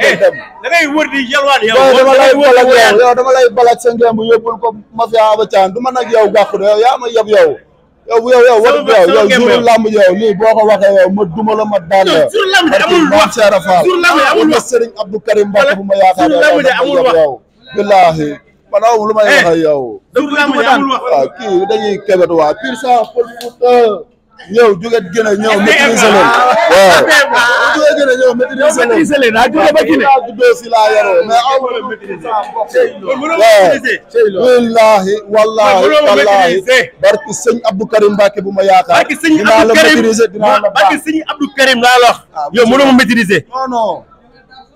Eh, dem da ngay wër di yalwaat yow dama lay balak yow dama lay balak sa ngeen bu yóbbul ko mafia Abacane du man ak yow gàkku yow yaa ma yab yow yow yow yow wat yow yow juru lamb yow lii boo ko waxee yow ma duma la ma daan la juru lamb amul wax juru lamb amul wax Serigne Abdou Karim Mbacké bu ma yaakaar juru lamb eh. amul wax yow lu may wax yow juru lamb amul wax kii dañuy kebet waa pire euh. ça ñëw jóge gën a ñëw maîtriser leen waaw a ñëw maîtriser ba Guinée juddoo fi laa yaroo mais aw ma maîtriser barki sëñ Abdou Karim Mbacke bu ma yaakaar barki sëñ Abdou Karim laa la ah, yow mënoo ma maîtriser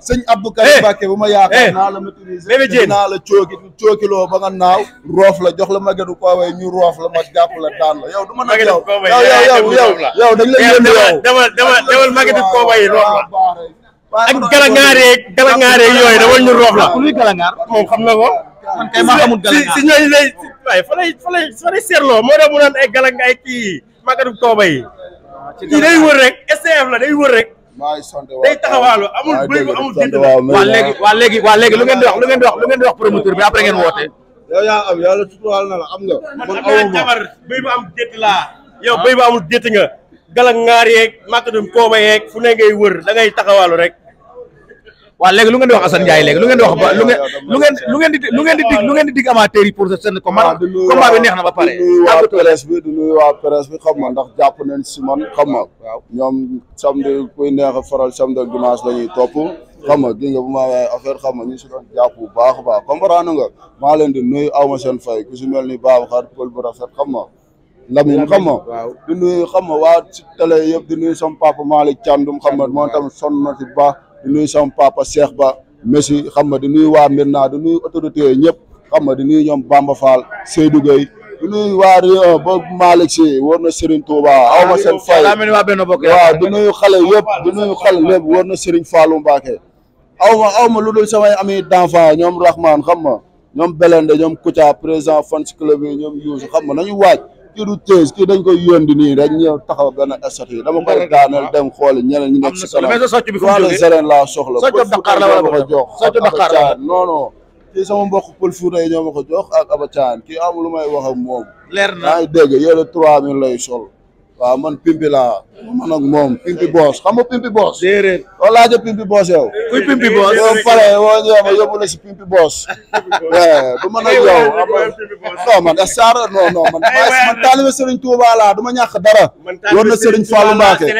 sëñ Abdou Karim eh, Mbacké bu ma yaakaar eh, naa la maîtriser naa la cooki cookiloo ba nga naaw roof la jox la magetu koowee ñu roof la ma la daan la roof la ak galangaare galangaare yooyu dawal ñu roof la luy galangaar moom xam na ko man kay maa xamul galangaar si ñooñu lay waaye fa lay fa lay moo tax mu naan ay galangaay kii magetu koowee yi kii day wër rek STF la day wër rek day taxawaalu amul bëri amul jiitu waa léegi waa léegi waa léegi lu ngeen di wax lu ngeen di wax lu ngeen di wax promoteur bi après ngeen woote. yow yaa am yàlla tuturaal na la am nga. man aw ma jabar am déet laa. yow ah. bëy bu amul déet nga. gala ŋaar yeeg màkk dum kooba yeeg fu ne ngay wër da ngay taxawaalu rek. waaw léegi lu ngeen di wax Assane Ndiaye léegi lu ngeen di wax lu ngeen lu ngeen lu ngeen dig lu ngeen di dig amateur yi pour ah, bi neex na waa presse bi du nuyu waa presse bi xam ma ndax jàpp nañ si man xam ma waaw ñoom samedi kuy neex a faral samedi ak dimanche la ñuy topp xam nga gi nga ma waaye affaire xam ñu si doon jàpp bu baax a baax comprendre nga maa leen di nuyu aw ma seen fay ku si mel ni baabu xar pël bu rafet xam nga Lamine xam nga di nuyu xam nga waa si télé yëpp di nuyu sama papa Malick Thiandoum xam nga moom tamit sonn na si baax di nuyu sama papa Cheikh Ba Messi xam nga du nuyu waa Mirna di nuyu autorité yooyu ñëpp xam nga du nuyu ñoom Bamba Fall Seydou Gueye di nuyu waa Rio ba Malick Sy war na Serigne Touba aw ma seen fay waaw di nuyu xale yëpp di nuyu xale yëpp war na Serigne Fallou Mbacké lu dul samay ami d'enfant ñoom Rahman xam nga ñoom Belende ñoom Koutia président fans club yi ñoom Youssou xam nga nañu waaj kii du tëj kii dañ koy yóndi nii rek ñëw taxaw benn esot yi dama koy daaneel dem xooli ñeneen ñu nekk si kanam socc bi wàllu sereen laa soxla socc Dakar la wala ko jox socc Dakar la non non kii sama mbokk pël Fuuta yi ñoo ma ko jox ak Abacaan kii amul lu may wax ak moom leer na maa ngi dégg yére trois mille lay sol waaw man pimpi laa man ak moom pimpi boos xam nga pimpi boos. déedéet wala laajoo pimpi boos yow. kuy pimpi boos yow pare woo ñu ma yóbbu la si pimpi boos. bu man ak yow non man star non non man du ma ñàkk dara. man na Serigne Fallou du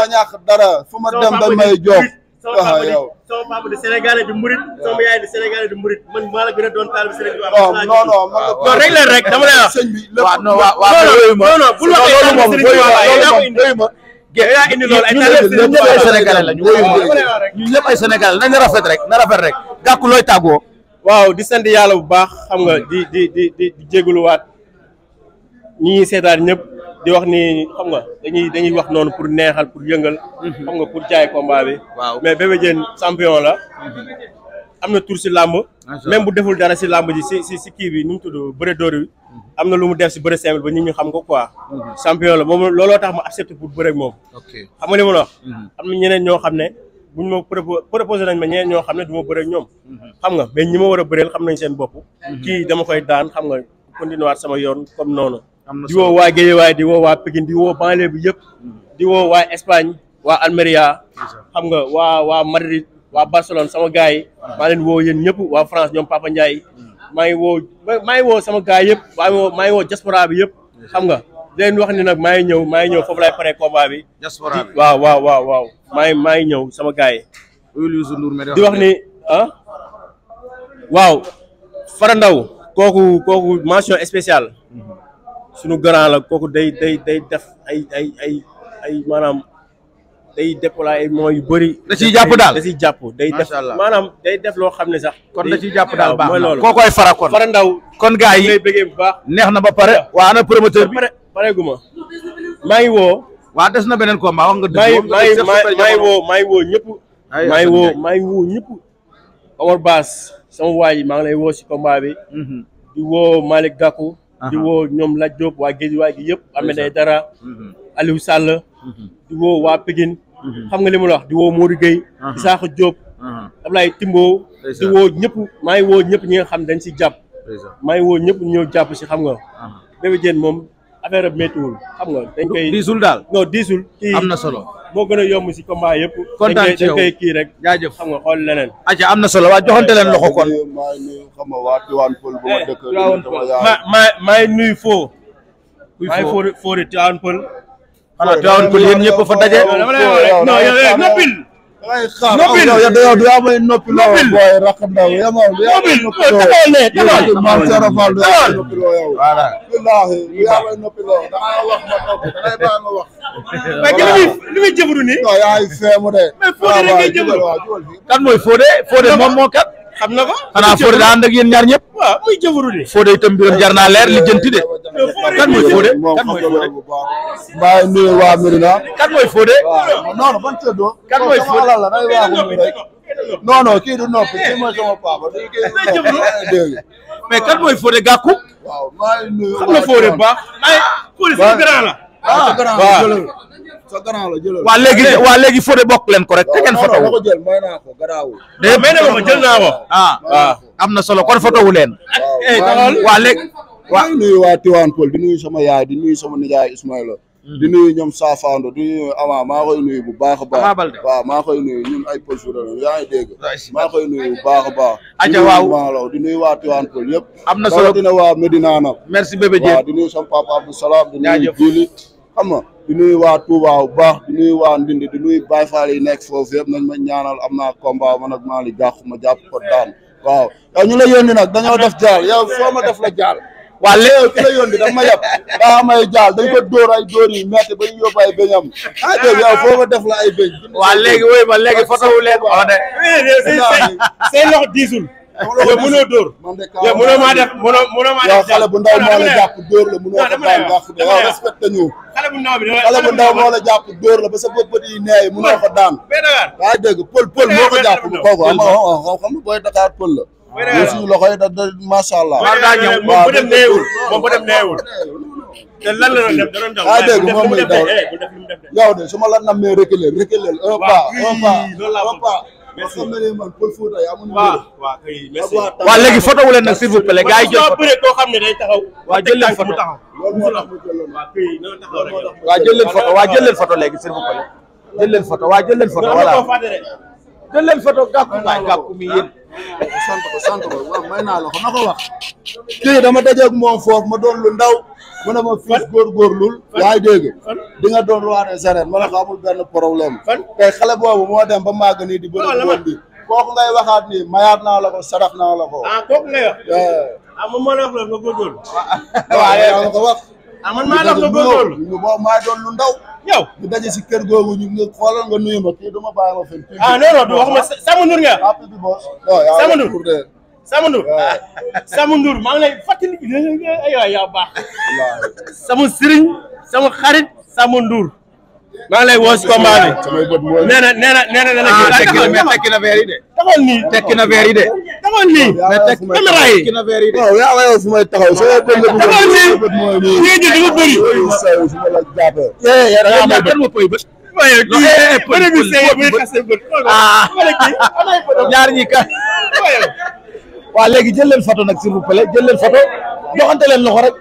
ma ñàkk dara fu ma dem dañ may jox. waaw yow sama papa di Sénégalais di Mouride sama yaay di Sénégalais di Mouride man maa la gën a doon taal bi Serigne Touba. non non non man la non rek leen rek dama lay wax. sëñ bi lépp waaw non waaw waaw loolu moom loolu moom loolu moom indi loolu ay ñun ñëpp ay Sénégalais la ñu ñun ñëpp ay Sénégalais nañ rafet rek na rafet rek gàkku looy tàggoo. waaw di sant yàlla bu baax xam nga di di di di jégaluwaat. ñu ñuy seetaan ñëpp di wax ni xam nga dañuy dañuy wax noonu pour neexal pour yëngal. Mhm. xam nga pour jaay combat bi. waaw mais Bébé la. Mhm. am na tur si làmb. même bu deful dara si làmb ji si si si kii bi nu mu tudd mhm. am na lu mu def si bëre ba nit ñi xam ko quoi. champion la moom looloo tax ma accepté pour bëre ak moom. ok xam ma la wax. am na ñeneen ñoo xam ne buñ ma proposé nañ ma ñeneen ñoo xam ne du ma bëre ñoom. xam nga mais ñi ma war a bëreel xam nañ seen bopp. kii dama koy daan xam nga continuer sama yoon comme noonu. di woo waa Guédiawaye di woo waa Pikine di woo banlieue bi yëpp di woo waa Espagne waa Almeria xam nga waa waa Madrid waa Barcelone sama gars yi maa wow woo yéen ñëpp waa France ñoom Papa maa ngi woo maa ngi woo sama gars yëpp waa maa ngi woo diaspora bi yëpp xam nga di leen wax ni nag maa ngi ñëw maa ngi ñëw foofu laay pare combat bi diaspora bi waaw waaw waaw maa ngi maa ngi ñëw sama gars yi di wax ni ah waaw Fara Ndaw kooku kooku mention spéciale sunu grand la kooku day day day def ay ay ay ay maanaam day déployer ay moyens yu bari da si jàpp daal da ciy jàpp day def maanaam day def loo xam ne sax. kon da ciy jàpp daal baax na koo koy fara kon fara ndaw. kon gars yi baax. neex na ba pare waa ana promoteur bi pare pareegu ma maa ngi woo. waa des na beneen combat wax nga. dëgg moom dëgg maa woo maa ngi woo ñëpp. maa ngi woo maa ngi ñëpp. Omar Baas sama waa ji maa ngi lay woo si combat mhm. di woo Malick Gakou. di woo ñoom Lat Diop waa géej Guédiawaye gi yëpp Ahmed Aïdara mhm. Aliou Sall mhm. di woo waa Pikine mhm. xam nga li ma la wax di woo Modou Gueye Isaaxa Diop Ablaye Timbo di woo ñëpp maa ngi woo ñëpp ñi nga xam dañ si jàpp maa ngi woo ñëpp ñëw jàpp si xam nga Bébé Diène moom affaire am méttiwul xam nga dañ koy diisul daal non diisul kii am na solo moo gën a yomb si combat yëpp kontaan ci yow kii rek jaajëf xam nga xool leneen aca am na solo waa joxante leen loxo kon maa ngi nuyu eh, xam nga waa Tiwaan Pël bu ma dëkk ma maa maa ngi nuyu foo maa ngi foo foo di Tiwaan Pël xanaa Tiwaan Pël yéen ñëpp fa daje non yow noppil noppi la yow yow yaa may noppi la woon booy rakk ndaw yaa ma yaa may noppi la woon yow maam Seera Fall yaa may noppi la woon voilà billahi yaa may noppi la woon da nga wax ma noppi da ngay bàyyi ma wax. mais gën li li muy jëfandu nii. non yaa ngi feemu de. mais Fodé la ngay jëfandu kan mooy Fodé Fodé moom moo kat. xam na ko. xanaa Fodé daa yéen ñaar ñëpp. waaw muy jëfuru de. Fodé itam mbiram jar naa leer lijjanti de. kan mooy Fodé kan mooy Fodé. mais kan mooy Fodé Gakou. maa ngi nuyu xam na Fodé bu baax. ay Fodé sama grand la. Ah, sa gannaaw la jëlal waa léegi waa léegi Fodé bokk leen ko rek te ngeen foto wu jël may naa ko garaawul de ah, ah, am na solo kon foto leen eh, waa léegi waa nuyu waa Tiwaan Pël di nuyu sama yaay di nuyu sama nijaay Ismaïla hmm. di nuyu ñoom Saafaando di nuyu Ama maa koy nuyu bu baax a baax waaw maa koy nuyu ñun ay Pël Fuuta la maa koy nuyu bu baax a baax aja waaw maalaw di nuyu waa Tiwaan Pël yëpp am na solo dina waa Medina nag merci bébé Diène di nuyu sama papa Abdou Salam di nuyu Jili xam nga di nuyu waa Touba bu baax di nuyu waa Ndindi di nuyu Baye Fall yi nekk foofu yëpp nañ ma ñaanal am naa combat man ak Malick Gakou ma jàpp ko daan waaw yow ñu la yónni nag dañoo def jaal yow foo ma la jaal waa léegi ki la yónni daf ma yab daa am ay jaal dañ ko dóor ay ba ñu yóbbu ay béñam ah dégg yow foo ma def la ay béñ. waa léegi wooy ma léegi loxo diisul. yow mënoo dóor yow mënoo maa def mënoo mënoo maa def yow xale bu ndaw moo la jàpp dóor la mënoo ko daan nga xam yow respecté ñu xale bu ndaw bi xale bu ndaw moo la ba sa bopp yi neey mënoo ko daan yaa dégg pël pël moo ko jàpp kooku am xam nga booy Dakar pël la yow suñu da da macha allah moom bu muy daw yow de su ma la nammee reculer reculer un pas un pas un merci waaw léegi photo wu leen nag s'il vous plaît gars yi jël photo koo xam ne day taxaw. waaw jël leen photo waaw jël leen photo waaw jël leen photo léegi s'il vous plaît jël leen photo waaw jël leen photo voilà jël sant ko sant ko waaw may naa la ko wax. kii dama dajeeg moom foofu ma doon lu ndaw. mu ne ma fii góorgóorlul. yaa ngi dégg di doon lu waane sereen ma ne ko amul benn problème. tey xale boobu moo dem ba màgg nii di bëri góor bi. kooku ngay waxaat nii mayaat naa la ko sarax naa la ko. a ah, kooku ngay wax. Eh. Ah, nga góorgóorlu. waaw ah, doon lu ndaw. yow ñu daje si kër googu ñu ngi xoolal nga nuyu ma kii du ma bàyyi ma fen ah non non du waxuma Sama Ndour nga. ah Pipi Boss. Sama Ndour Sama Ndour. Sama Ndour maa ngi lay fàttali aywa yaa baax. sama sëriñ sama xarit Sama Ndour. maa lay woo si combat bi nee na nee na nee na dana kii ah, tekki na tekki na verre yi de. taxawal nii tekki na verre yi de. taxawal nii mais tekki caméra yi. waaw na. taxawal nag s'il vous plaît jël leen photo loxo rek.